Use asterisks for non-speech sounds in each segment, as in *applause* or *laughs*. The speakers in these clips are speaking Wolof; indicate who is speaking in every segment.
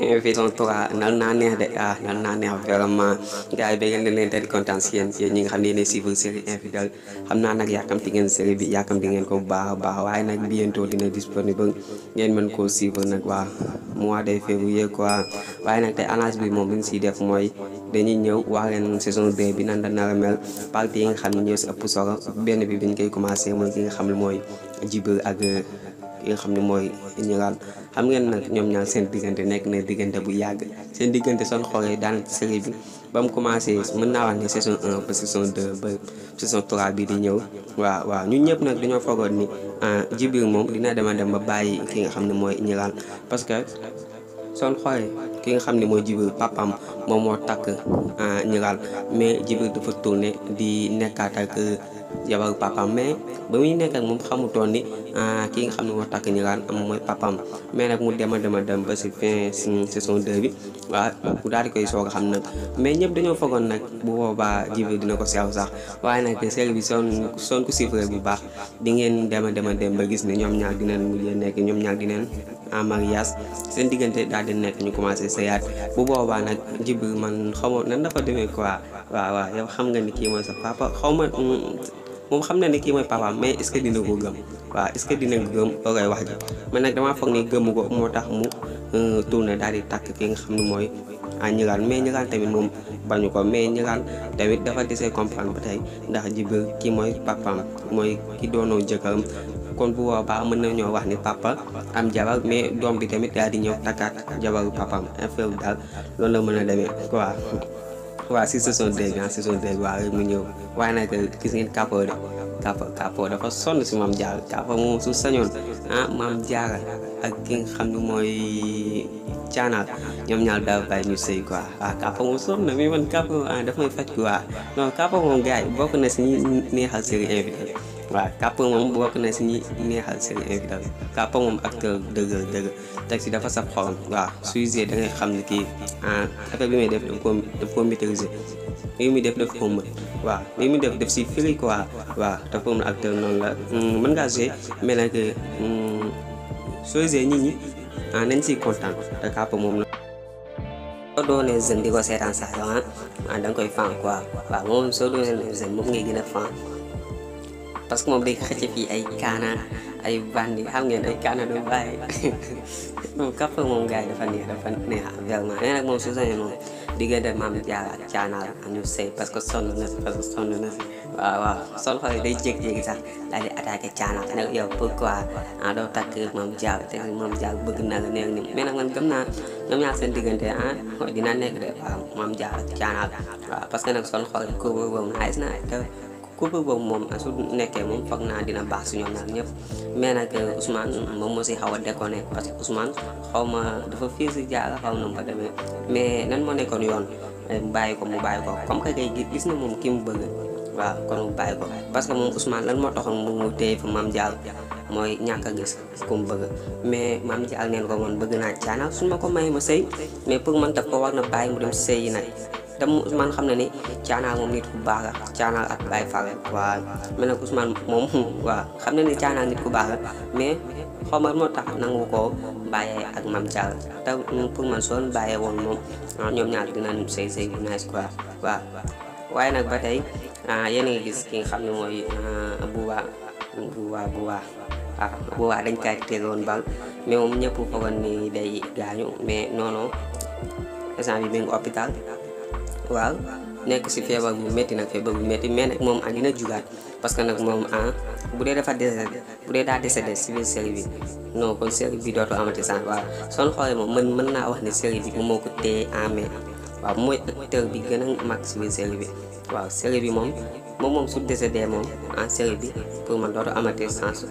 Speaker 1: invitation 3 nal naa neex de ah nal naa neex vraiment gars yi ngeen leen di kontaan si yéen si ñi nga xam ne yéen a suivre série infidèle xam naa nag yàkkamti ngeen série bi yàkkamti ngeen ko bu baax a baax waaye nag bientôt dina disponible ngeen mën koo suivre nag waa mois de février quoi waaye nag te annonce bi moom li ñu siy def mooy dañuy ñëw wax leen saison 2 bi nan la nar a mel partie yi nga xam ne ñoo si ëpp solo benn bi biñ koy commencé mooy ki nga xam ne mooy Djibril ak. li nga xam ne mooy ñu daal xam ngeen nag ñoom ñaar seen diggante nekk na diggante bu yàgg seen diggante seen xoolee daanaka série bi ba mu commencé mën naa wax ne saison ba saison 2 bi di ñëw waa waaw ñun ñëpp nag dañoo foogoon ni Djibril ah, moom dina dema dem ba bàyyi ki nga xam ne mooy ñu daal parce que son xoolee ki nga xam ne mooy Djibril papam moom moo takk ñu ah, daal mais Djibril dafa tourné di nekkaat ak. jabaru papaam mais ba muy nekk ak moom xamutoon ni ah, ki nga xam ne moo takk ñu laan am mooy papaam mais nag mu dem a dem a dem ba si fin saison 2 bi waa bu daal di koy soog a xam nag mais ñëpp dañoo foogoon nag bu boobaa jibi dina ko seew sax waaye nag série bi son son ko chiffre bi baax di ngeen dem a dem a dem ba gis ne ñoom ñaar dinañ mujjee nekk ñoom ñaar dinañ en mariage seen diggante daal di nekk ñu commencé seyaat bu boobaa nag jibi man xamoon nan dafa demee quoi waaw waaw yow xam nga ni kii mooy sa papa xaw ma mm, moom xam na ni kii mooy papaam mais est ce que dina ko gëm waaw est ce que dina gëm loo koy wax ji man nag damaa foog ni gëmu ko moo tax mu euh, tourné daal di takk ki nga xam ne mooy ah ñigaan mais ñigaan tamit moom bañu ko mais ñigaan tamit dafa desee comprendre ba tey ndax Djiby kii mooy papaam mooy ki doonoo jëkkëram kon bu boobaa mën na ñoo wax ni papa am jabar mais doom bi tamit daal di ñëw takkaat jabaru papaam affaire daal loolu la mën a demee quoi waaw si saison dégg ah saison dégg waaw mu ñëw waaye nag gis ngeen Kapo de Kapo Kapo dafa sonn si maam jaar Kapo moom su sañoon ah maam Diarra ak ki nga xam ne mooy caanaal ñoom ñaar daaw bàyyi ñu sëy quoi waaw Kapo moom sonn na mais man Kapo ah dafa faj quoi non Kapo moom gars bokk na si ñi neexal série invité waaw kàpp moom bokk na si ñi neexal seen infidèle kàpp moom acteur dëgg teg si dafa saf xorom waa suy gisee da xam ne kii affaire bi muy def daf ko daf ko maîtriser muy def daf ko mën muy def daf si fili quoi waa daf ko mën acteur noonu la mën ngaa jouer mais nag soo gisee nit ñi ah nañ siy kontaan te moom la. soo doonee jeune di ko seetaan sax da koy fan quoi waaw moom soo doonee jeune moom ngay gën fan. parce que moom day xëcc fii ay kaana ay bandi xam ngeen ay kaana du bàyyi *laughs* moom kàpp moom gars dafa neex dafa neex vraiment nee nag moom parce que sonn na que man gëm naa ñoom ñaar seen diggante ah dina nekk de waaw maam Diarra ak Thiana parce que nag son xol kooku boobu nice na couple boobu moom su nekkee moom foog naa dina baax si ñoom ñaar ñëpp mais nag euh, Ousmane moom moo si xaw a déconné parce que Ousmane xaw dafa fiir si jaara xaw na mu fa demee mais nan moo nekkoon yoon euh, bàyyi ko mu bàyyi ko comme que kay gis na moom ki mu bëgg waaw kon mu ko parce que moom Ousmane lan moo taxoon mu téye fa maam Diallo mooy ñàkk a gis ku mu bëgg mais maam Diallo neen ko man bëgg naa caana su ma ko may ma sëy mais pour man daf ko war na bàyyi mu dem sëy yi nag dam Ousmane xam na ni Caanaa moom nit ku baax la Caanaa ak Baye Fall waa mel nag Ousmane moom *laughs* waaw xam na ni Caanaa nit ku baax la mais xaw ma moo tax nangu koo bàyyee ak Mame Diarra te pour man soon bàyyee woon moom ah, ñoom ñaar dinañu sëy sëy bu nice quoi waaw waaye nag ba tey ah, yéen a gis ki nga xam ne mooy ah, Bouba Bouba Bouba waaw Bouba dañ kaa tege woon bal mais moom ñëpp foogoon ni day gaañu mais non non instant bi waaw nekk si feebar bu métti nag feebar bu métti mais nag moom ah dina jugaat parce que nag moom ah bu dee dafa décédé bu dee daa décédé si biir série bi non kon série bi dootu amati sens waaw soo xoolee moom man mën naa wax ne série bi moom moo ko téye mooy acteur bi gën a mag si biir série bi waaw série bi moom moom moom su décédé moom en série bi pour man dootu amati sens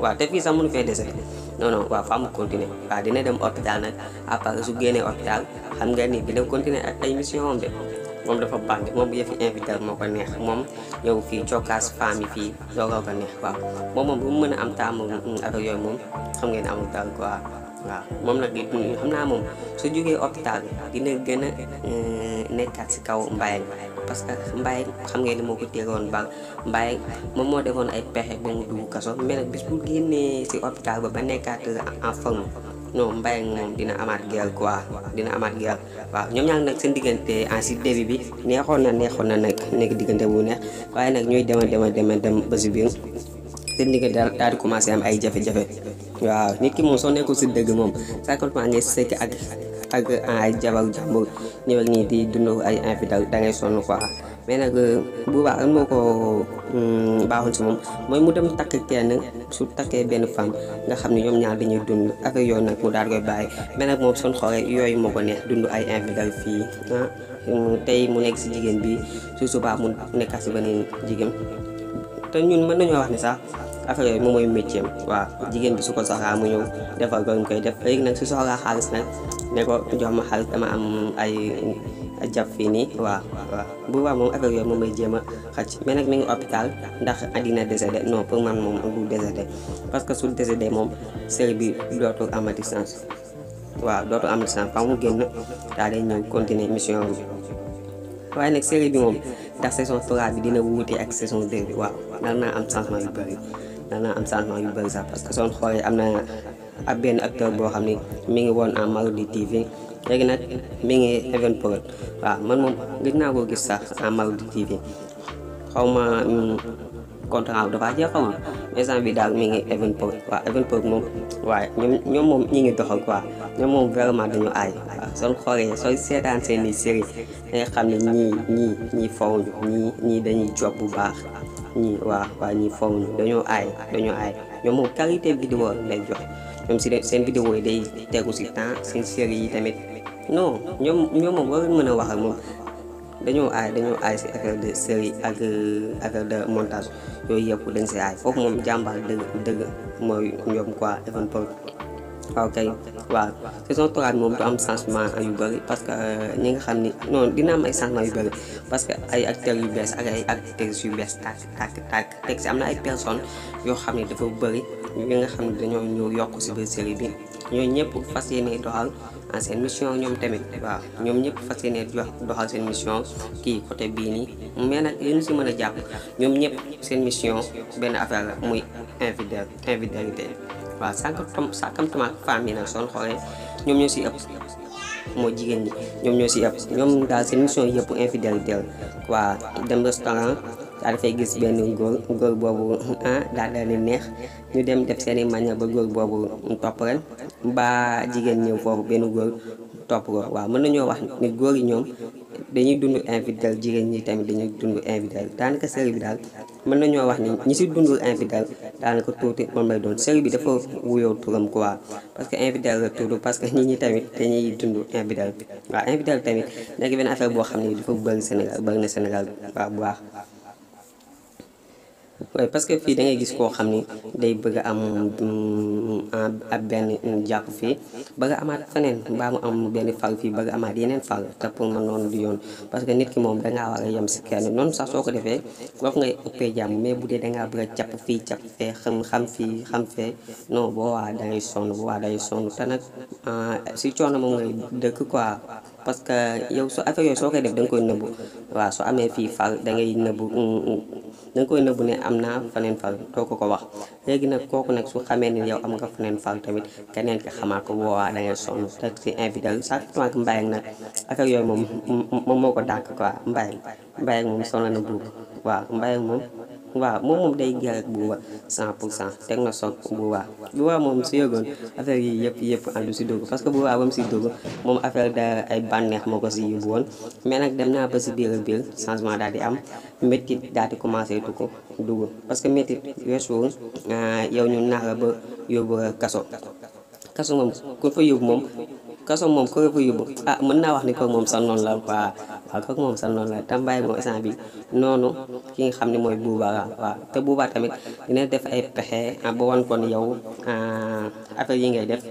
Speaker 1: waaw te fii sax mënu fee décédé non waaw faa mu continuer waaw dina dem hôpital nag après su génnee hôpital xam nga ni dina continuer ak ay mission am de moom dafa baax de moom yëfi invité moo ko neex moom ñëw fii cokkaas femme yi fii doogoo ko neex waaw moom moom bu mu mën a am taamu ak yooyu moom xam ngeen amul dal quoi. waa moom nag it xam naa moom su jógee hôpital bi dina gën mm, nekkaat si kaw Mbaye parce que Mbaye xam ngeen ne moo ko tegoon bal Mbaye moom moo defoon ay pexe ba mu dugg bu génnee si hôpital ba ba nekkaat en forme non Mbaye moom dina amaat gel quoi dina amaat gel waaw ñoom ñaar nag seen diggante en si début bi neexoon na neexoon na nag nekk diggante bu neex waaye nag ñooy dema dema dema dem ba si biir seen diggante daal di commencé am ay jafe-jafe waaw nit ki moom soo nekkul si dëgg moom sacrement ngay sekk ak ak ay jabar jàmbur ñëw ak nii di dund ay infidèle da ngay sonn quoi mais nag euh, bu baax moo ko hmm, baaxul si moom mooy mu dem takk kenn su takkee benn femme nga xam ni ñoom ñaar dañuy dund ak yoon nag mu daal koy bàyyi mais nag moom son xoolee yooyu moo ko neex dund ay infidèle fii ah hmm, tey mu nekk si jigéen bi su subaa mu nekkaat si beneen jigéen te ñun mën nañoo wax ne sax affaire moom mooy métier am waaw jigéen bi su ko soxlaa mu ñëw defal ko koy def léegi nag su soxlaa xaalis nag ne ko jox ma xaalis dama am ay jàpp fii nii waaw bu baax moom affaire yooyu moom may jéem a xaj mais nag mi ngi hôpital ndax dina décédé non pour man moom du décédé parce que su décédé moom sëy bi dootul amati sens waaw dootul amati sens fa mu génn daal di ñëw continuer mission bi waaye nag série bi moom ndax saison 3 bi dina wuute ak saison 2 bi waaw dal naa am changement yu bëri dana am changement yu bëri sax parce que soo xoolee am na ab benn acteur boo xam ni mi ngi woon en Marodi TV léegi nag mi ngi Even Prod man moom gis naa ko gis sax en Marodi TV xaw ma hmm, contrat dafa jeex xaw ma instant bi daal mi ngi Even waa waaw Even moom waaye ñoom ñoom moom ñi ngi doxal quoi ñoom moom vraiment dañu aay waaw soo xoolee sooy seetaan seen i série danga xam ne ñii ñii ñii ñii ñii dañuy job bu baax ñii waa waa ñii faw ñu dañoo aay dañoo aay ñoom moom qualité vidéo day jox ñoom si seen vidéo yi day tegu si temps seen série yi tamit non ñoom ñoom moom war mën a wax ak moom dañoo aay dañoo aay si affaire de série ak euh, affaire de montage yooyu yëpp dañ si aay foofu moom jàmbaar dëgg dëgg mooy ñoom quoi Evan Prod waaw kay waaw saison 3 moom du am changement yu bëri parce que euh, ñi nga xam ni non dina am ay changement yu bëri parce que ay acteurs yu bees ak ay actrices yu bees tàkk takk tàkk teg si am na ay personnes yoo xam ne bëri ñi nga xam ne dañoo ñëw yokk si biir série bi ñooñu ñëpp fas yéene doxal seen mission ñoom tamit waaw ñoom ñëpp fas yéene doxal seen mission kii côté bii nii mais nag li ñu si mën a jàpp ñoom ñëpp seen mission benn affaire la muy infidélité infidélité waaw cinquante femmes yi nag soo xoolee ñoom ñoo si ëpp jigéen ñi ñoom ñoo si ëpp ñoom daal seen mission yëpp infidélité waa dem restaurant daal dafay gis benn góor góor boobu *laughs* ah daal daal di neex ñu dem def seen i manière ba góor boobu topp ren mbaa jigéen ñëw foofu benn góor topp ko waa mën nañoo wax ni góor yi ñoom dañuy dund infidèle jigéen ñi tamit dañuy dund infidèle daanaka série bi daal mën nañoo wax ni ñi si dundul infidèle daanaka tuuti moom lay doon série bi dafa wuyoo turam quoi parce que infidèle la tudd parce que nit ñi tamit dañuy dundu infidèle waaw infidèle tamit nekk benn affaire boo xam ne dafa bëri Sénégal bëri na Sénégal waaw bu baax waaye parce que fii da ngay gis koo xam ni day bëgg a am mm, ab benn jàpp fii bëgg a amaat feneen mbaa am benn fag fii bëgg amaat yeneen fag te pour man noonu du yoon parce que nit ki moom dangaa war a si kenn noonu sax soo ko defee foofu ngay ëppee jàmm mais bu dee dangaa bëgg a jàpp fii jàpp fee xam xam fii xam fee non boo waa dangay sonn boo waa dangay sonn te nag ah, si coono moom ngay dëkk quoi parce que yow soo koy def da nga koy nëbbu waaw su amee fii fal da ngay nëbbu mm, mm, da nga koy nëbbu ne am naa faneen fal doo ko ko wax léegi nag kooku nag su xamee ni yow am nga faneen fal tamit keneen ki xamaa ko woowaa da ngay sonn rek si infidèle chaque fois que mbayang nag affaire yooyu moom moom moo ko dàq quoi mbayang mbayang moom sonn na buub waaw mbayang moom waa moom moom day ngeer ak buuba cent pour cent teg na soog buuba buuba moom su yëgoon affaire yi yëpp yëpp àndu si dugg parce que buuba ba mu si dugg moom affaire da ay bànneex moo ko si yóbbu woon mais nag dem naa ba si biir biir changement daal di am méttit daal di commencé tu ko dugg parce que méttit weesuwul euh, yow ñu naax la ba yóbbu kaso kaso moom ku fa yóbbu moom kaso moom ko fa yóbbu ah mën naa wax ni ko moom sax noonu la quoi waaw kooku moom sax noon la Tamba moom instant bi noonu ki nga xam ne mooy buuba waaw te buuba tamit dina def ay pexe ah, ba wan kon yow ah, affaire yi ngay def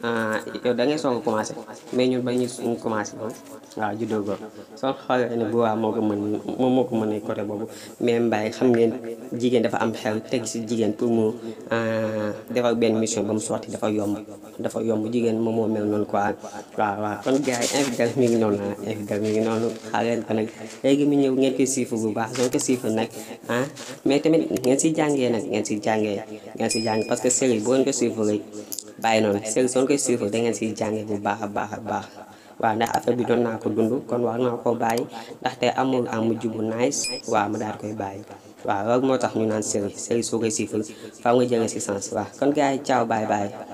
Speaker 1: Ah, yow da nga soog a commencé mais ñun ba ñu ñu commencé moom waaw juddoo ko soo xoolee ne bu waa moo ko mën moom moo ko mënee côté boobu mais Mbaye xam ngeen jigéen dafa am xel teg si jigéen pour mu ah, defal benn mission ba mu sotti dafa yomb dafa yomb jigéen moom moo mel noonu quoi waaw waaw. kon gars yi infidèle mi ngi noonu ah noonu xaar leen léegi mu ñëw ngeen koy siif bu baax soo ko siif nag ah mais tamit ngeen si jàngee nag ngeen si jàngee ngeen si jàng parce que série boo leen ko siif rek bàyyi noonu seen soo koy suivre da ngeen siy jànge bu baax a baax a baax waaw ndax affaire bi doon naa ko dund kon wax naa koo bàyyi ndaxte amul am mujj bu nice waa ma daal koy bàyyi waaw loolu moo tax ñu naan série série soo koy suivre faaw nga jëlee si sens waaw kon gars yi ciao bye bye